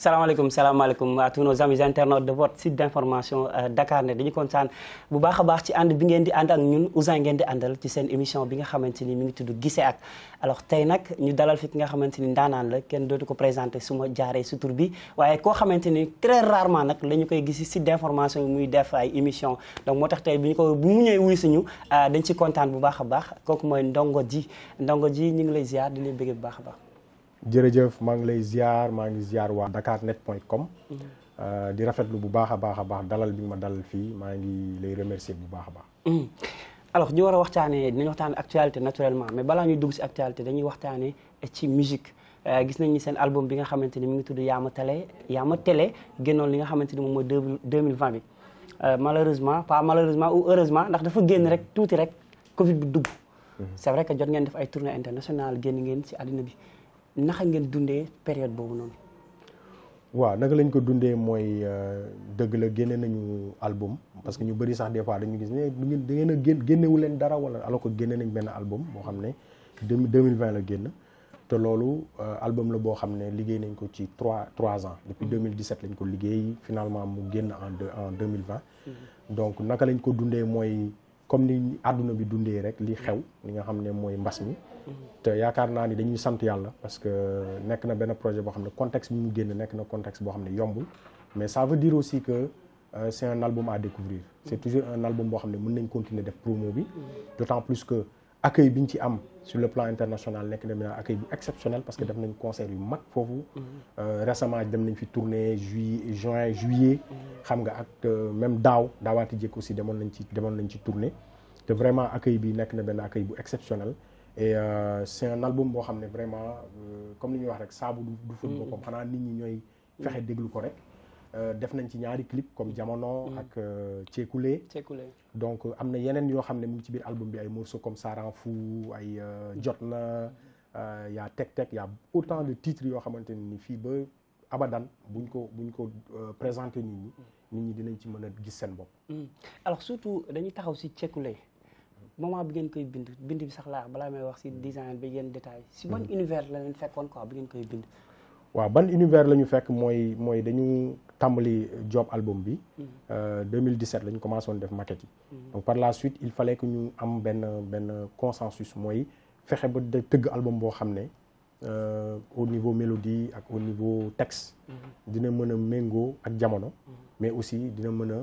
salaamaaleykum salaamaaleykum atu tous nos amis internautes de votre site d' information euh, Dakarnet dañu kontaan bu baax a baax ci ànd bi ngeen di ànd ak ñun Ousin ngeen di àndal ci seen émission bi nga xamante ni mi ngi tudd Gise ak alors tey nag ñu dalal fi ki nga xamante ni ndaanaan la kenn dootu ko présenté su ma jaaree su tur bi waaye ko xamante ni très rarement nag la ñu koy gis site d' information muy def ay émission donc moo tax tey bi ñu ko bu mu ñëwee wuy suñu euh, dañ ci kontaan bu baax a baax kooku mooy Ndongo Ji Ndongo Ji ñu ngi lay ziar di lay bëggee bu baax a jërëjëf maa ngi lay ziar maa ngi ziar waa dakarnet.com mm-hmm. euh, di rafetlu bu baax a baax a baax dalal bi ma dalal fii maa ngi lay remercier bu baax a baax. Mm-hmm. alors ñu war a waxtaanee dinañ waxtaane actualité naturellement mais balaa ñuy dugg si actualité waxtaanee ci musique euh, gis nañ ni seen album bi nga xamante ni mu ngi tudd Yaama Télé Yaama Télé génnoon li nga xamante ni moom mooy deux mille vingt bi euh, malheureusement pas malheureusement ou heureusement ndax dafa génn rek tuuti rek Covid bi dugg. Mm-hmm. c'est vrai que jot ngeen def ay tournées internationales génn ngeen si addina bi. naka ngeen dundee période boobu noonu. waaw naka lañ ko dundee mooy euh, dëgg la génne nañu album parce que ñu bari sax des fois dañu gis ne du ngeen a génn génnewu leen dara wala alors que génne nañ benn album boo xam ne deux mille vingt la génn te loolu euh, album la boo xam ne liggéey nañ ko ci trois trois ans depuis 2017 mm-hmm. lañ ko liggéey finalement mu génn en deux en deux mille vingt mm-hmm. donc naka lañ ko dundee mooy. comme ni àdduna bi dundee rek li xew li nga xam ne mooy mbas mi mm-hmm. te yaakaar naa ni dañuy sant yàlla parce que nekk na benn projet boo xam ne contexte bi mu génn nekk na contexte boo xam ne yombul mais ça veut dire aussi que euh, c'est un album à découvrir mm-hmm. c'est toujours un album boo xam ne mën nañ continuer def promo bi mm-hmm. d'autant plus que accueil bi ñu ci am sur le plan international nekk na maintenant accueil bu exceptionnel parce que def nañ concert yu mag foofu. Euh, récemment dem nañ fi tournée juillet juin juillet. xam nga ak euh, même daaw daawaati jékk aussi demoon nañ ci demoon nañ ci tournée. te vraiment accueil bi nekk na benn accueil bu exceptionnel. et euh, c'est un album boo xam ne vraiment comme li ñuy wax rek saabu du fóot boppam mm. xanaa nit ñi ñooy fexe déglu ko rek. Euh, def nañ ci ñaari clip comme jamono mm. ak euh, ceekule donc euh, am na yeneen yoo xam ne mu ngi ci biir album bi ay morceaux comme Saran Fou ay mm. jot na yaa Tek Tek yaa autant de titres yoo xamante ne ni fii ba abadan buñ ko buñ ko présenter nit ñi mm. nit ñi dinañ ci mën a gis seen bopp alors surtout dañu taxaw si ceekule moment bu ngeen koy bind bind bi sax laa balaa may wax si design bi yenn détail si ban univers la leen fekkoon quoi bi ngeen koy bind waaw ban univers la ñu fekk mooy mooy dañu tàmbali job album bi. 2017 la ñu commencé woon def maquette yi. Mm. par la suite il fallait que ñu am benn benn consensus mooy fexe ba tëgg album boo xam ne euh, au niveau mélodie ak au niveau texte. Mm-hmm. dina mën a méngoo ak jamono. Mm-hmm. mais aussi dina mën a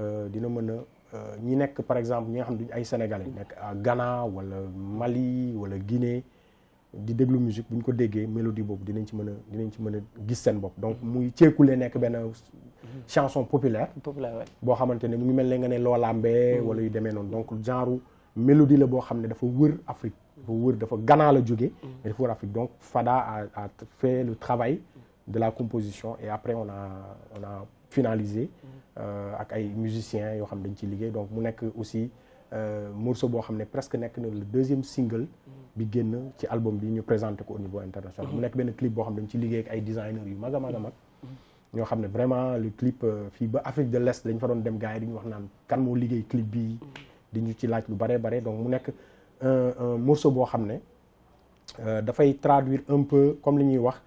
euh, dina mën a. Euh, ñi nekk par exemple ñi xam ne duñ ay sénégalais nekk à Ghana wala Mali wala Guinée di déglu musique bu ñu ko déggee mélodie boobu dinañ ci mën a dinañ ci mën gis seen bopp donc muy ceekule nekk benn chanson populaire boo xamante ne mu ngi mel ne nga ne loolaambee hmm. wala yu demee noonu donc genre mélodie la boo xam ne dafa wër Afrique dafa wër dafa Ghana la jógee mais hmm. dafa donc Fada a a fait le travail de la composition et après on a on a finalisé hmm. euh, ak ay musiciens yoo xam ne dañ ciy liggéey donc mu nekk aussi Euh, morceau boo xam ne presque nekk na le deuxième single bi génn ci album bi ñu présenté ko au niveau international mhm. mu nekk benn clip boo xam ne dañ ci liggéey ak ay designers yu mag a mag mhm. ñoo xam ne vraiment le clip euh, fii ba Afrique de l'Est dañ fa doon dem gars di ñu wax naan kan moo liggéey clip bi mhm. di ñu ci laaj lu bare bare donc mu nekk un morceau boo xam ne euh, dafay traduire un peu comme li ñuy wax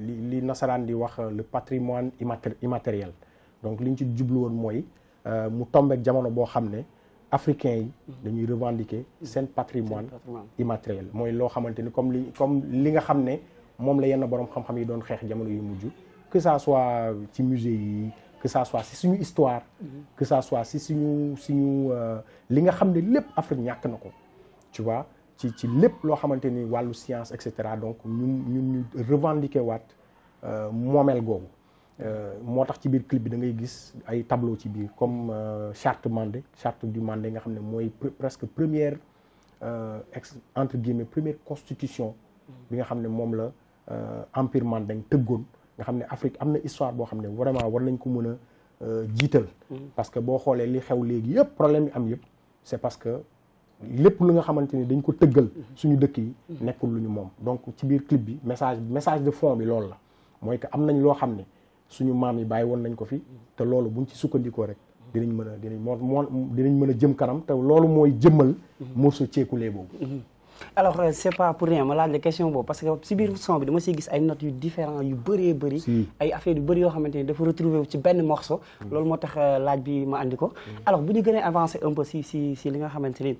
li li nasaraan di wax le patrimoine immatériel donc li ñu ci jublu woon mooy mu tombeek jamono boo xam ne africains yi mhm. dañuy revendiquer mhm. seen patrimoine immatériel mooy loo xamante ni comme li comme li nga xam ne moom la yenn borom xam-xam yi doon xeex jamono yu mujj que ça soit ci musée yi que ça soit si suñu histoire mhm. que ça soit si suñu suñu euh, li nga xam ne lépp Afrique ñàkk na ko tu vois ci ci lépp loo xamante ni wàllu science et cetera donc ñun ñun ñu revendiquer waat euh, moomeel googu Euh, moo tax ci biir clip bi da ngay gis ay tableau ci biir comme euh, charte Mandé charte du Mandé nga xam ne mooy presque première euh, ex entre guillemets première constitution bi nga xam ne moom la empire Mandé tëggoon nga xam ne Afrique am na histoire boo xam ne vraiment war nañ ko mën a jiital mm-hmm. parce que boo xoolee li xew léegi yëpp problème yi am yëpp c'est parce que lépp lu nga xamante ni dañ ko tëggal mm-hmm. suñu dëkk yi mm-hmm. nekkul lu ñu moom donc ci biir clip bi message message de fond bi la mooy que am nañ loo xam ne suñu maam yi bàyyi woon nañ ko fi te loolu buñ ci sukkandikoo rek dinañ mën a dinañ moo moo dinañ mën a jëm kanam te loolu mooy jëmmal morceau ceekulee boobu mhm. alors euh, c'est pas pour rien ma laaj la question boobu parce que si biir son bi dama siy gis ay notes yu différent yu bëree bëri ay affaires yu bëri yoo xamante ni dafa retrouvé wu ci benn morceau mhm. loolu moo tax euh, laaj bi ma andi ko mhm. alors bu ñu gën a avancé un peu si si li nga xamante ni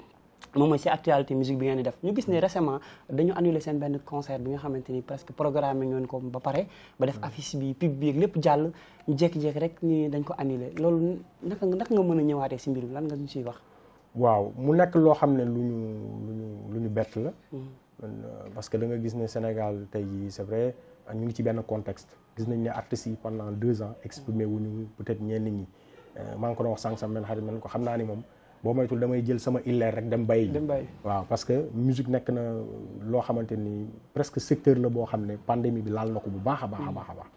moom mooy si actualité musique bi ngeen di def ñu gis ne récemment dañu annulé seen benn concert bi nga xamante ni presque programmé ñoon ko ba pare ba def hmm. affiche bi pub bi lépp jàll ñu jékki-jékki rek ni dañ ko annulé loolu naka naka nga mën a ñëwaatee si mbir mi lan nga ñu siy wax waaw mu nekk loo xam ne lu lu ñu lu ñu bett la hmm. euh, parce que da nga gis ne Sénégal tey jii c'est vrai ñu ngi ci benn contexte gis nañ ne artistes yi pendant deux ans exprimé wuñu peut ñeen ñenn ñi euh, maa ngi ko doon wax sànq sax man xarit man ko xam naa ni moom boo moytul damay jël sama illeer rek dem bay dem waaw parce que musique nekk na loo xamante ni presque secteur la boo xam ne pandémie bi laal na ko bu baax a baax a baax a baax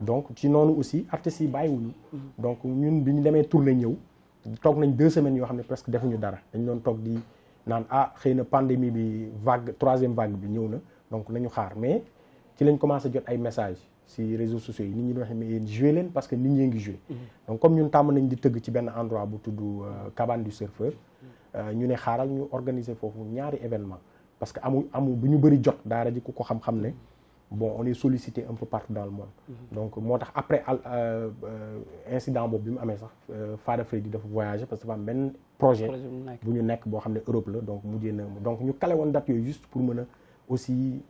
donc ci noonu aussi artistes yi bàyyiwuñu mm-hmm. donc ñun bi ñu demee tournée ñëw toog nañ deux semaines yoo xam ne presque defuñu dara dañ doon toog di naan ah xëy na pandémie bi vague troisième vague bi ñëw na donc nañu xaar mais ci lañ commencé jot ay messages si réseau sociaux yi nit ñi di waxee mais yéen joué leen parce que nit ñee ngi joué donc comme ñun tàmm nañ di tëgg ci benn endroit bu tudd euh, cabane du surfeur euh, ñu ne xaaral ñu organiser foofu ñaari événement parce que amul amul bu ñu bëri jot daara ji ku ko xam-xam ne bon on est sollicité un peu partout dans le monde donc moo tax après euh, incident boobu bi mu amee sax Fada Freddy dafa voyagé parce que dafa am benn projet bu ñu nekk boo xam ne Europe la donc mujjee na donc ñu kale woon date yooyu juste pour a aussi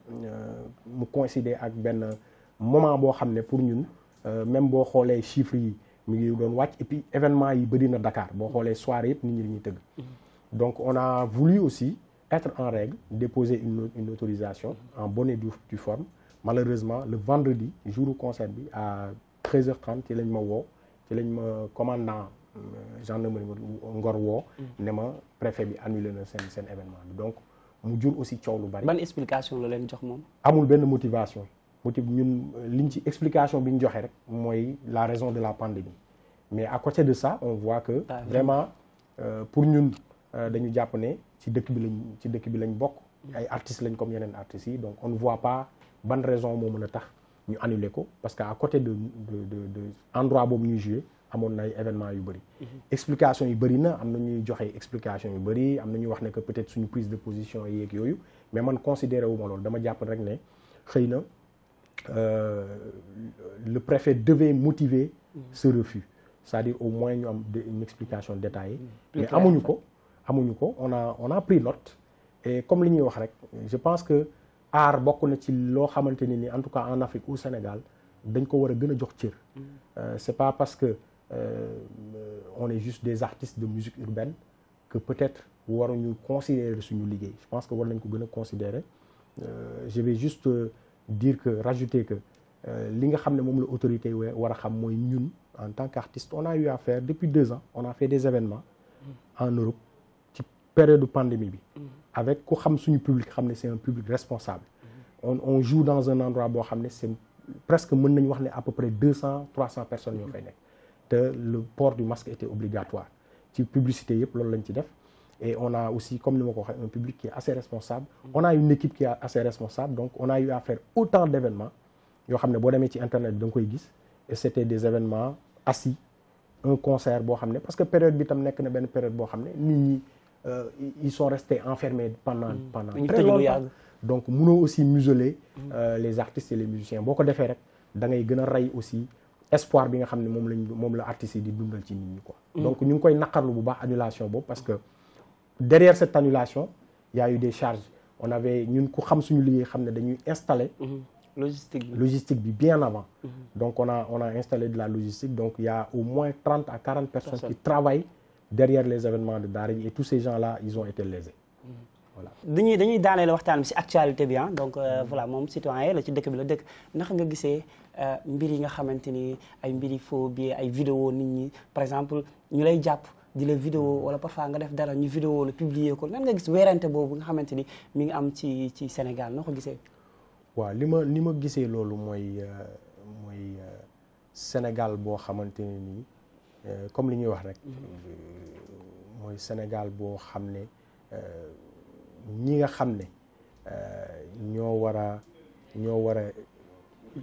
mu coïncider ak benn moment boo xam ne pour ñun euh, même boo xoolee chiffres yi mu ngi doon wàcc et événement yi bëri na dakaar boo xoolee soirée yëpp nit ñi dañuy tëgg mm-hmm. donc on a voulu aussi être en règle déposer une, une autorisation en bonne et due forme malheureusement le vendredi jour concert bi à 13 h ci lañ ma woo ci lañ ma commandant euh, ma Ngor woo mm-hmm. ne ma préfet bi annulé na seen seen événement bi donc mu jur aussi coow lu bari. ban explication la leen jox moom. amul benn motivation. motif ñun liñ ci explication bi ñu joxee rek mooy la raison de la pandémie mais à côté de ça on voit que vraiment euh, pour ñun euh, dañu jàpp ne ci dëkk bi lañ ci dëkk bi lañ bokk ay artistes lañ comme yeneen artistes yi donc on ne voit pas ban raison moo mën a tax ñu annuler ko parce que à côté de de de de endroit boobu ñuy joué amoon na ay yu bëri. Mhm. explication yu bëri na am na ñuy joxe explication yu bari am na ñuy wax ne que peut-être suñu prise de position yeeg yooyu mais man considéré loolu dama jàpp rek ne Euh, le préfet devait motiver ce refus c'est-à-dire au moins ñu am une explication détaillée mmh. mais amuñu ko amuñu ko on a on a pris lot et comme li ñuy wax rek je pense que aar bokk na ci loo xamante ne ni en tout cas en Afrique ou Sénégal dañ ko war a gën a jox cër mmh. euh, c'est pas parce que euh, on est juste des artistes de musique urbaine que peut-être waru ñu considérer suñu liggéey je pense que war nañ ko gën a considérer euh, je vais juste dire que rajouter que euh, li nga xam ne moom la autorité war a xam mooy ñun en tant qu'artiste on a eu à faire depuis deux ans on a fait des événements mm-hmm. en Europe ci période pandémie bi mm-hmm. avec ku xam suñu public xam ne c'est un public responsable mm-hmm. on on joue dans un endroit boo xam ne c'est presque mën nañu wax ne à peu près deux cent trois cent personnes ñoo fay nekk te le port du masque était obligatoire ci publicité yëpp loolu lañ ci def Et on a aussi, comme nous avons un public qui est assez responsable. On a une équipe qui est assez responsable. Donc, on a eu à faire autant d'événements. Yo xamné bo démé ci internet dang koy gis et c'était des événements assis un concert bo xamné parce que période bi tam nekk na ben période bo xamné nit ñi euh, ils sont restés enfermés pendant mm. pendant très longtemps. donc mënoo aussi museler mm. euh, les artistes et les musiciens boo ko defee rek da ngay gën a rey aussi espoir bi nga xam ne moom lañ moom la artistes ci nit ñi mm. ñu ngi koy naqarlu bu baax annulation parce que derrière cette annulation y a eu des charges on avait ñun ku xam suñu liggéey xam ne dañuy installer mhm. logistique bi logistique bi bien avant. Mm -hmm. donc on a on a installé de la logistique donc il a au moins trente à quarante personnes. Personne. qui travaillent derrière les événements de Daara J et tous ces gens là ils ont mhm. dañuy dañuy daaneel waxtaan bi ci actualité bi ah donc euh, mm -hmm. voilà moom citoyen la ci dëkk bi la dëkk naka nga gisee euh, mbir yi nga xamante ni ay mbiri faux bi ay vidéo nit ñi par exemple ñu lay jàpp. di la vidéo wala parfois nga def dara ñu vidéo la publier ko nan nga gis weerante boobu nga xamante ni mi ngi am ci ci Sénégal noo ko gisee. waaw li ma li ma gisee loolu mooy euh, mooy euh, Sénégal boo xamante ne nii euh, comme li ñuy wax rek. Mhm. mooy Sénégal boo xam ne ñi nga xam ne ñoo war a ñoo war a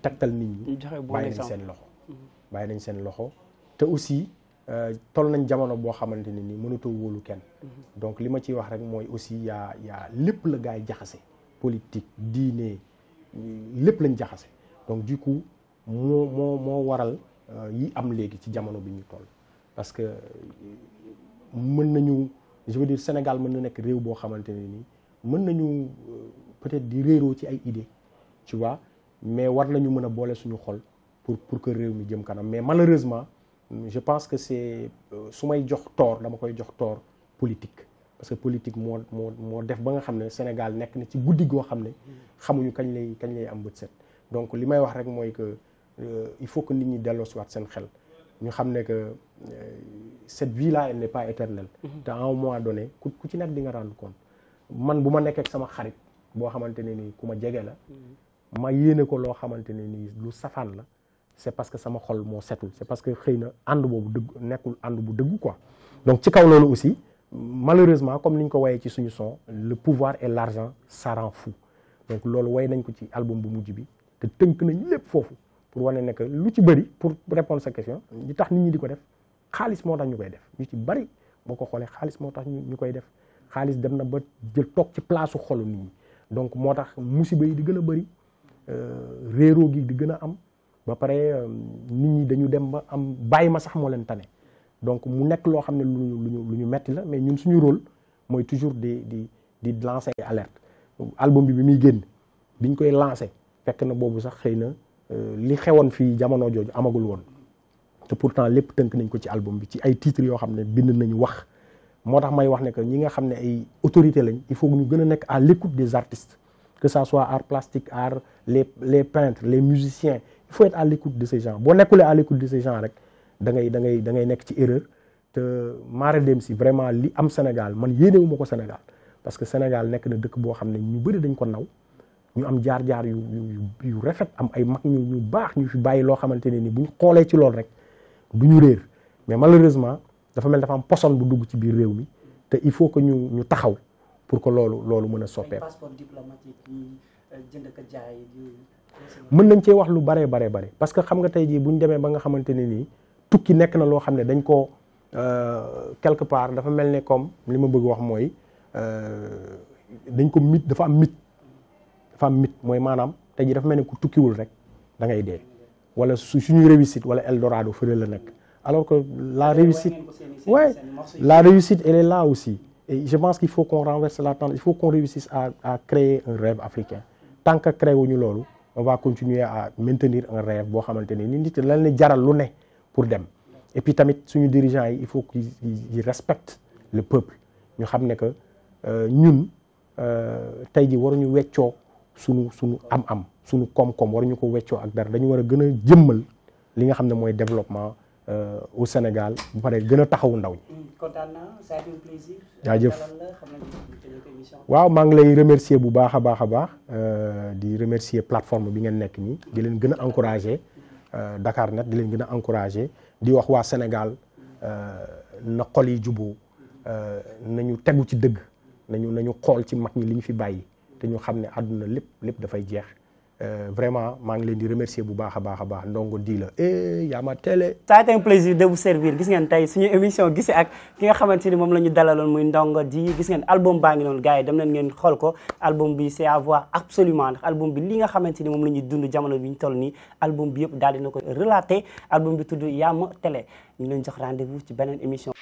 taktal nit ñi. bàyyi nañ seen loxo. Mhm. bàyyi nañ seen loxo te aussi. Euh, toll nañ jamono boo xamante ne ni mënatoo wóolu kenn mhm. donc li ma ciy wax rek mooy aussi yaa yaa lépp la gaay jaxase politique diine lépp lañ jaxase donc du coup moo moo moo waral euh, yi am léegi ci jamono bi ñu toll parce que euh, mën nañu je veux Sénégal mën na nekk réew boo xamante ne ni mën nañu peut-être di réeroo ci ay idées tu vois mais war nañu mën a boole suñu xol pour pour que réew mi jëm kanam mais malheureusement je pense que c'est euh, su may jox tort dama koy jox tort politique parce que politique moo moo moo def ba nga xam ne Sénégal nekk na ci guddi goo xam ne xamuñu kañ lay kañ lay am bët set donc li may wax rek mooy que euh, il faut que nit ñi delloosiwaat seen xel ñu xam ne que euh, cette vie là elle n'est pas éternelle mhm. te à un moment donné ku ci nekk di nga rendre compte man bu ma nekkee ak sama xarit boo xamante ne nii ku ma jege la mhm. ma yéene ko loo xamante ne nii lu safaan la c'est parce que sama xol moo setul c'est parce que xëy na ànd boobu dëgg nekkul ànd bu dëgg quoi donc ci kaw loolu aussi malheureusement comme ni ñu ko wayee ci suñu son le pouvoir et l'argent ça rend fou donc loolu way nañ ko ci album bu mujj bi te tënk nañ lépp foofu pour wane na que lu ci bëri pour répondre sa question li tax nit ñi di ko def xaalis moo tax ñu koy def ñu ci bëri boo ko xoolee xaalis moo tax ñu koy def xaalis dem na ba jël toog ci place xolu nit ñi donc moo tax musiba yi di gën a bëri euh, réeroo gi di gën a am ba pare euh, nit ñi dañu dem ba am bàyyi ma sax moo leen tane donc mu nekk loo xam ne lu ñu lu ñu lu ñu metti la mais ñun suñu rôle mooy toujours di di di lancer alerte album bi bi muy génn biñ koy lancer fekk na boobu sax xëy na euh, li xewoon fii jamono jooju amagul woon te pourtant lépp tënk nañ ko ci album bi ci ay titres yoo xam ne bind nañu wax moo tax may wax ne que ñi nga xam ne ay autorité lañ il faut ñu gën a nekk à l'écoute des artistes que ça soit art plastique art les les peintres les musiciens il faut être à l'écoute de ces boo nekkulee à l'écoute de ces rek da ngay da ngay nekk ci erreur te mare dem si vraiment li am Sénégal man yéenewu ma ko Sénégal parce que Sénégal nekk na dëkk boo xam ne ñu bëri dañ ko naw ñu am jaar-jaar yu yu rafet am ay mag ñu ñu baax ñu fi bàyyi loo xamante ne ni bu ñu xoolee ci loolu rek bu ñu réer mais malheureusement dafa mel dafa am poson bu dugg ci biir réew mi te il faut que ñu ñu taxaw pour que loolu loolu mën a soppeeku. passeport diplomatique yi euh, jënd ak jaay mën nañ cee wax lu baree baree bare parce que xam nga tey jii bu ñu demee ba nga xamante ne nii tukki nekk na loo xam ne dañ koo euh, quelque part dafa mel ne comme li ma bëgg wax mooy euh, dañ ko mit dafa am mit dafa am mit mooy maanaam tey jii dafa mel ne ku tukkiwul rek da ngay dee wala su suñuy réussite wala Eldorado fële la nekk alors que la réussite ouais la réussite elle est là aussi je pense qu'il faut qu'on renverse la tendance il faut qu'on réussisse à à créer un rêve africain tant que créé wuñu loolu on va continuer à maintenir un rêve boo xamante ne ni nit lan la jaral lu ne pour dem et tamit suñu dirigeants yi il faut ji respectent le peuple ñu xam ne que euh, ñun euh, tey ji waruñu weccoo sunu suñu am-am suñu koom-koom waruñu ko weccoo ak dara dañu war a gën a jëmmal li nga xam ne mooy développement euh, au Sénégal bu paree gën a taxawu ndaw ñi. Mm, waaw maa ngi lay remercier bu baax a baax a baax euh, di remercier plateforme bi ngeen nekk nii di leen gën a encourager euh, Dakar Net di leen gën a encourager di wax waa senegal euh, na xol yi juboo nañu tegu ci dëgg nañu nañu xool ci mag ñi li ñu fi bàyyi te ñu xam ne àdduna lépp lépp dafay jeex Euh, vraiment maa ngi leen di remercier bu baax a baax a baax ndongo di la eh yaa télé. ça a été un plaisir de vous servir gis ngeen tey suñu émission gise ak ki nga xamante ni moom la ñu dalaloon muy ndongo di gis ngeen album baa ngi noonu gars yi dem leen ngeen xool ko album bi c'est à voir absolument album bi li nga xamante ni moom la ñuy dund jamono bi ñu toll nii album bi yëpp daal dina ko relaté album bi tudd yaa ma télé ñu leen jox rendez-vous ci beneen émission.